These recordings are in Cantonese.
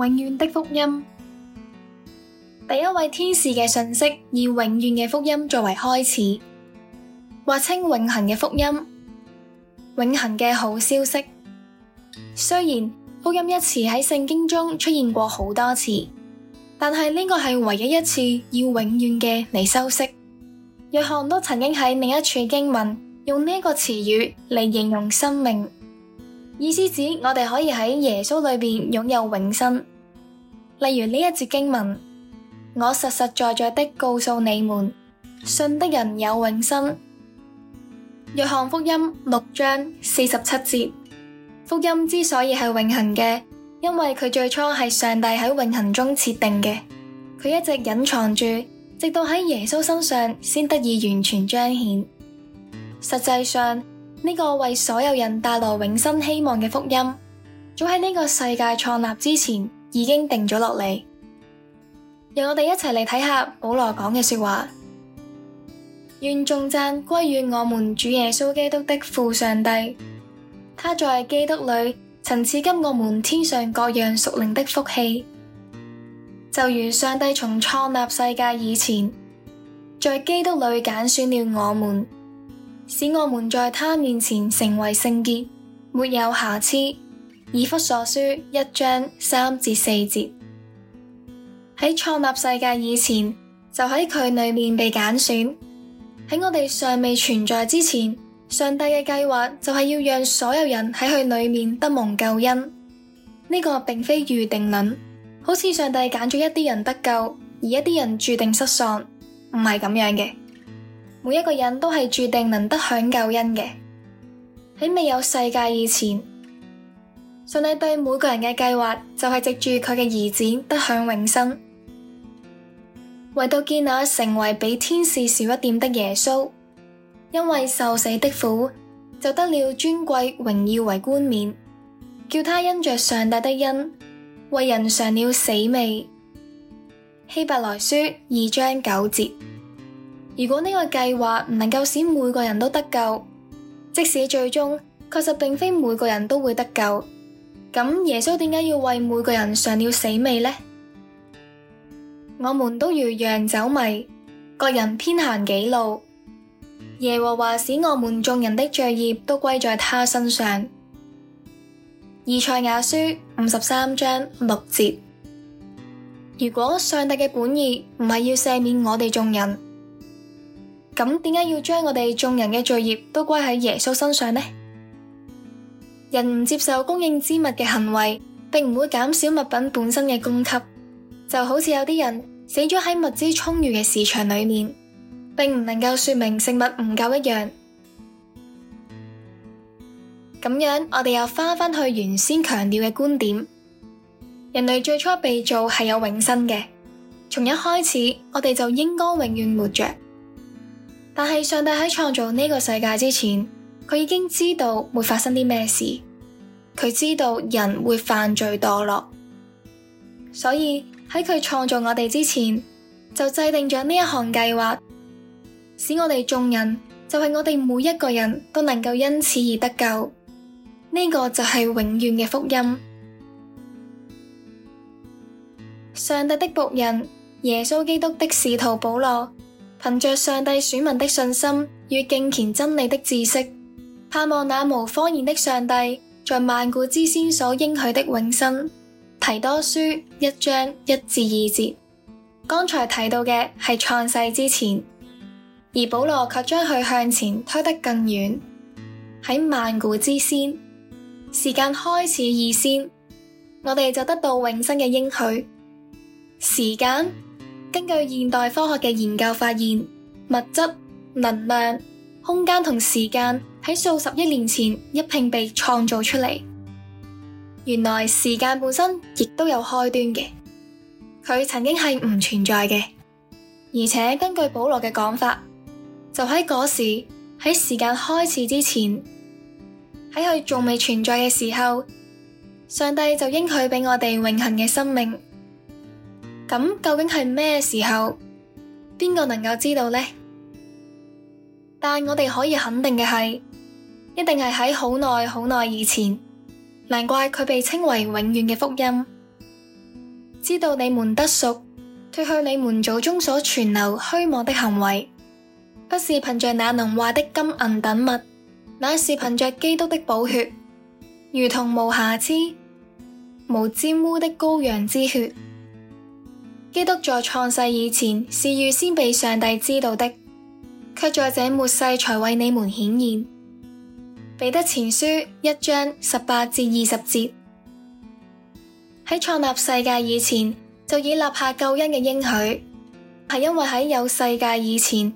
永遠的福音。第一位天使嘅信息，以永遠嘅福音作為開始。例如呢一節經文，我實實在在的告訴你們，信的人有永生。約翰福音六章四十七節，福音之所以係永恒嘅，因為佢最初係上帝喺永恒中設定嘅，佢一直隱藏住，直到喺耶穌身上先得以完全彰顯。實際上，呢、這個為所有人帶來永生希望嘅福音，早喺呢個世界創立之前，已經定咗落嚟，讓我哋一齊嚟睇下保羅講嘅說話。願頌讚歸於我們主耶穌基督的父上帝，他在基督裏曾賜給我們天上各樣屬靈的福氣，就如上帝從創立世界以前，在基督裏揀選了我們，使我們在他面前成為聖潔，沒有瑕疵。以弗所書一章三至四節，喺創立世界以前就喺佢裏面被揀選，喺我哋尚未存在之前，上帝嘅計劃就係要讓所有人喺佢裏面得蒙救恩。呢、這個並非預定論，好似上帝揀咗一啲人得救，而一啲人注定失喪，唔係咁樣嘅。每一個人都係注定能得享救恩嘅，喺未有世界以前。上帝對每個人嘅計劃，就係、是、藉住佢嘅兒子得享永生，唯獨見那成為比天使少一點的耶穌，因為受死的苦，就得了尊貴榮耀為冠冕，叫他因着上帝的恩，為人嘗了死味。希伯來書二章九節。如果呢個計劃唔能夠使每個人都得救，即使最終確實並非每個人都會得救。咁耶穌點解要為每個人嘗了死味呢？「我們都如羊走迷，各人偏行己路。耶和華使我們眾人的罪孽都歸在他身上。以賽亞書五十三章六節。如果上帝嘅本意唔係要赦免我哋眾人，咁點解要將我哋眾人嘅罪孽都歸喺耶穌身上呢？人唔接受供應之物嘅行為，並唔會減少物品本身嘅供給，就好似有啲人死咗喺物資充裕嘅市場裏面，並唔能夠說明食物唔夠一樣。咁樣，我哋又翻返去原先強調嘅觀點：人類最初被造係有永生嘅，從一開始我哋就應該永遠活着。但係上帝喺創造呢個世界之前。佢已經知道會發生啲咩事，佢知道人會犯罪墮落，所以喺佢創造我哋之前就制定咗呢一項計劃，使我哋眾人就係我哋每一個人都能夠因此而得救。呢個就係永遠嘅福音。上帝的僕人耶穌基督的使徒保羅，憑着上帝選民的信心與敬虔真理的知識。盼望那無謊言的上帝，在萬古之先所應許的永生。提多書一章一至二節，剛才提到嘅係創世之前，而保羅卻將佢向前推得更遠。喺萬古之先，時間開始異先，我哋就得到永生嘅應許。時間，根據現代科學嘅研究發現，物質、能量。空間同時間喺數十億年前一併被創造出嚟。原來時間本身亦都有開端嘅，佢曾經係唔存在嘅。而且根據保羅嘅講法，就喺嗰時，喺時間開始之前，喺佢仲未存在嘅時候，上帝就應許畀我哋永恒嘅生命。咁究竟係咩時候？邊個能夠知道呢？但我哋可以肯定嘅係，一定係喺好耐好耐以前。難怪佢被稱為永遠嘅福音。知道你們得贖，脫去你們祖宗所傳流虛妄的行為，不是憑着那能壞的金銀等物，乃是憑着基督的寶血，如同無瑕疵、無玷污的羔羊之血。基督在創世以前是預先被上帝知道的。卻在這末世才為你們顯現。彼得前書一章十八至二十節，喺創立世界以前就已立下救恩嘅應許，係因為喺有世界以前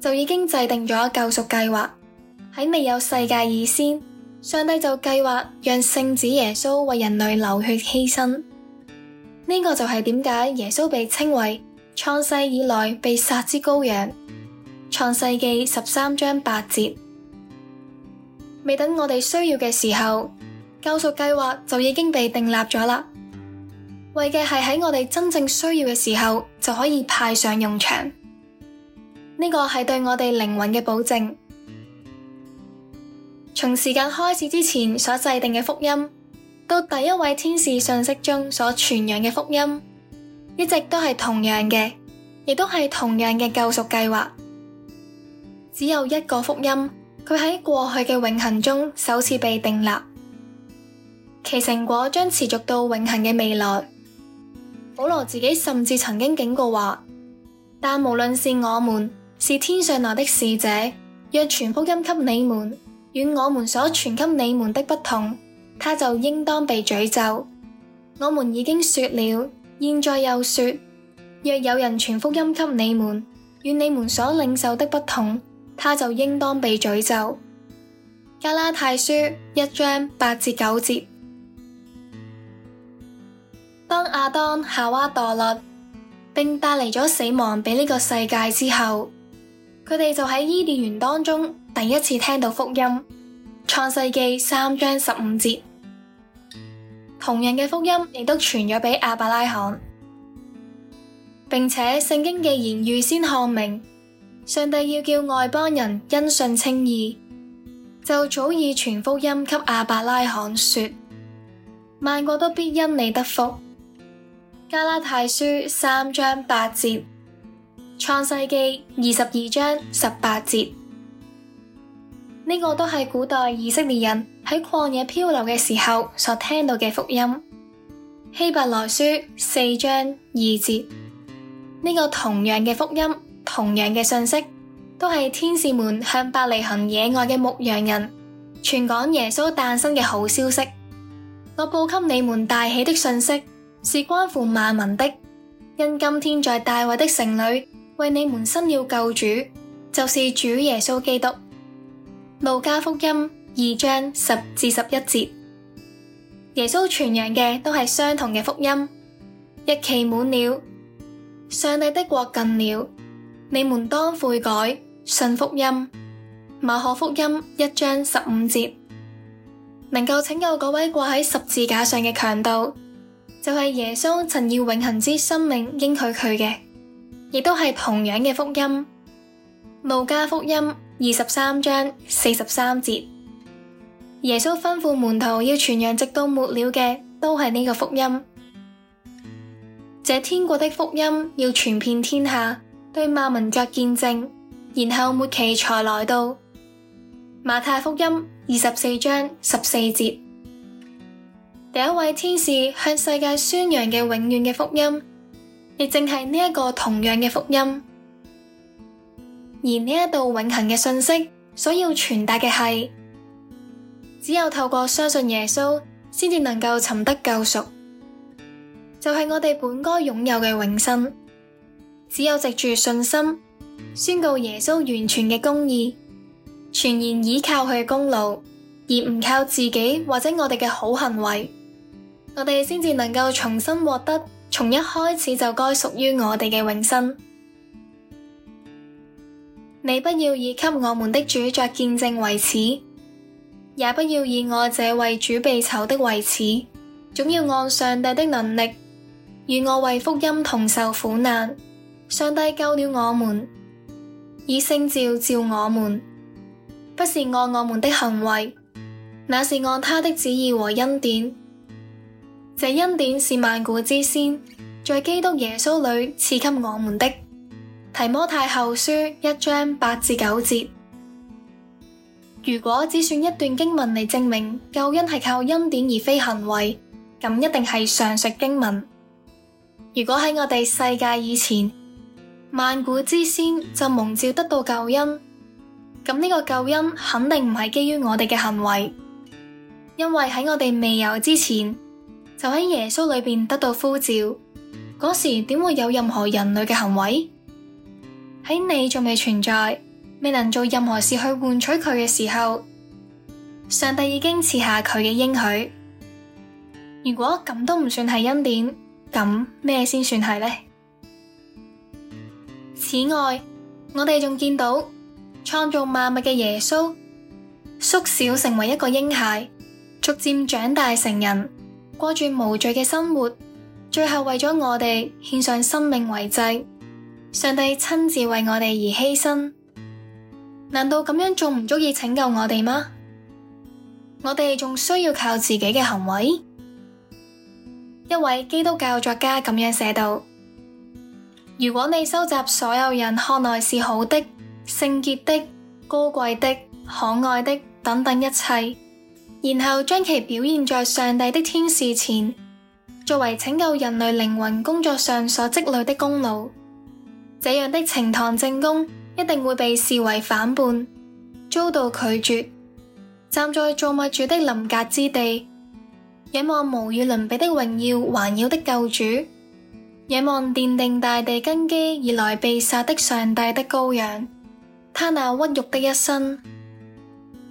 就已經制定咗救贖計劃。喺未有世界以前，上帝就計劃讓聖子耶穌為人類流血犧牲。呢個就係點解耶穌被稱為創世以來被殺之羔羊。創世紀十三章八節，未等我哋需要嘅時候，救贖計劃就已經被訂立咗啦。為嘅係喺我哋真正需要嘅時候就可以派上用場。呢、這個係對我哋靈魂嘅保證。從時間開始之前所制定嘅福音，到第一位天使信息中所傳揚嘅福音，一直都係同樣嘅，亦都係同樣嘅救贖計劃。只有一個福音，佢喺過去嘅永恆中首次被定立，其成果將持續到永恆嘅未來。保羅自己甚至曾經警告話：但無論是我們，是天上來的使者，若傳福音給你們，與我們所傳給你們的不同，他就應當被詛咒。我們已經說了，現在又說：若有人傳福音給你們，與你們所領受的不同，他就應當被詛咒。加拉太書一章八至九節，當亞當、夏娃墮落，並帶嚟咗死亡俾呢個世界之後，佢哋就喺伊甸園當中第一次聽到福音。創世記三章十五節，同樣嘅福音亦都傳咗俾亞伯拉罕，並且聖經既然預先看明。上帝要叫外邦人因信稱義，就早已傳福音給亞伯拉罕說：萬國都必因你得福。加拉太書三章八節，創世記二十二章十八節，呢、這個都係古代以色列人喺曠野漂流嘅時候所聽到嘅福音。希伯來書四章二節，呢、這個同樣嘅福音。同樣嘅信息，都係天使們向伯利恒野外嘅牧羊人傳講耶穌誕生嘅好消息。我報給你們大喜的信息，是關乎萬民的，因今天在大衛的城裏為你們生了救主，就是主耶穌基督。路加福音二章十至十一節，耶穌傳揚嘅都係相同嘅福音。日期滿了，上帝的國近了。你們當悔改，信福音。馬可福音一章十五節，能夠拯救嗰位掛喺十字架上嘅強盜，就係耶穌曾要永恒之生命應許佢嘅，亦都係同樣嘅福音。路加福音二十三章四十三節，耶穌吩咐門徒要傳揚直到末了嘅，都係呢個福音。這天國的福音要傳遍天下，對萬民作見證，然後末期才來到。馬太福音二十四章十四節，第一位天使向世界宣揚嘅永遠嘅福音，亦正係呢一個同樣嘅福音。而呢一道永恆嘅信息，所要傳達嘅係，只有透過相信耶穌，先至能夠尋得救贖，就係、是、我哋本該擁有嘅永生。只有藉住信心宣告耶穌完全嘅公義，全然倚靠佢嘅功勞，而唔靠自己或者我哋嘅好行為，我哋先至能夠重新獲得從一開始就該屬於我哋嘅永生。你不要以給我們的主作見證為恥，也不要以我這為主被囚的為恥，總要按上帝的能力與我為福音同受苦難。上帝救了我們，以聖召召我們，不是按我,我們的行為，那是按他的旨意和恩典。這恩典是萬古之先，在基督耶穌裏賜給我們的。提摩太後書一章八至九節。如果只選一段經文嚟證明救恩係靠恩典而非行為，咁一定係上述經文。如果喺我哋世界以前。萬古之先就蒙召得到救恩，咁呢個救恩肯定唔係基於我哋嘅行為，因為喺我哋未有之前，就喺耶穌裏邊得到呼召，嗰時點會有任何人類嘅行為？喺你仲未存在，未能做任何事去換取佢嘅時候，上帝已經賜下佢嘅應許。如果咁都唔算係恩典，咁咩先算係呢？此外，我哋仲見到創造萬物嘅耶穌縮小成為一個嬰孩，逐漸長大成人，過住無罪嘅生活，最後為咗我哋獻上生命為祭，上帝親自為我哋而犧牲。難道咁樣仲唔足以拯救我哋嗎？我哋仲需要靠自己嘅行為？一位基督教作家咁樣寫道。如果你收集所有人看來是好的、聖潔的、高貴的、可愛的等等一切，然後將其表現在上帝的天使前，作為拯救人類靈魂工作上所積累的功勞，這樣的呈堂證供一定會被視為反叛，遭到拒絕。站在造物主的臨格之地，仰望無與倫比的榮耀環繞的救主。仰望奠定大地根基而來被殺的上帝的羔羊，他那屈辱的一生，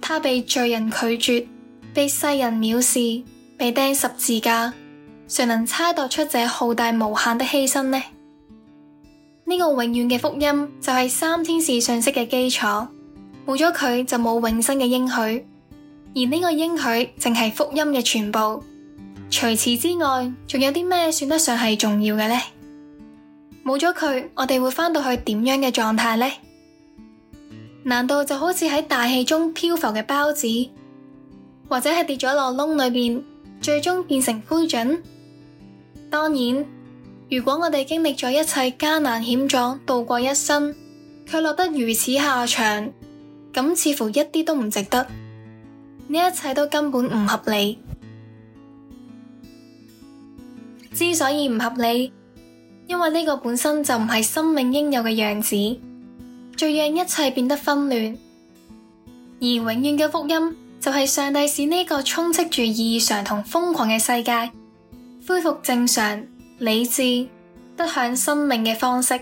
他被罪人拒絕，被世人藐視，被釘十字架，誰能猜度出這浩大無限的犧牲呢？呢、這個永遠嘅福音就係三天使信息嘅基礎，冇咗佢就冇永生嘅應許，而呢個應許正係福音嘅全部。除此之外，仲有啲咩算得上係重要嘅呢？冇咗佢，我哋會返到去點樣嘅狀態呢？難道就好似喺大氣中漂浮嘅包子，或者係跌咗落窿裏邊，最終變成灰燼？當然，如果我哋經歷咗一切艱難險阻，度過一生，卻落得如此下場，咁似乎一啲都唔值得。呢一切都根本唔合理。之所以唔合理，因為呢個本身就唔係生命應有嘅樣子，最讓一切變得紛亂。而永遠嘅福音就係上帝使呢個充斥住異常同瘋狂嘅世界，恢復正常、理智、得享生命嘅方式。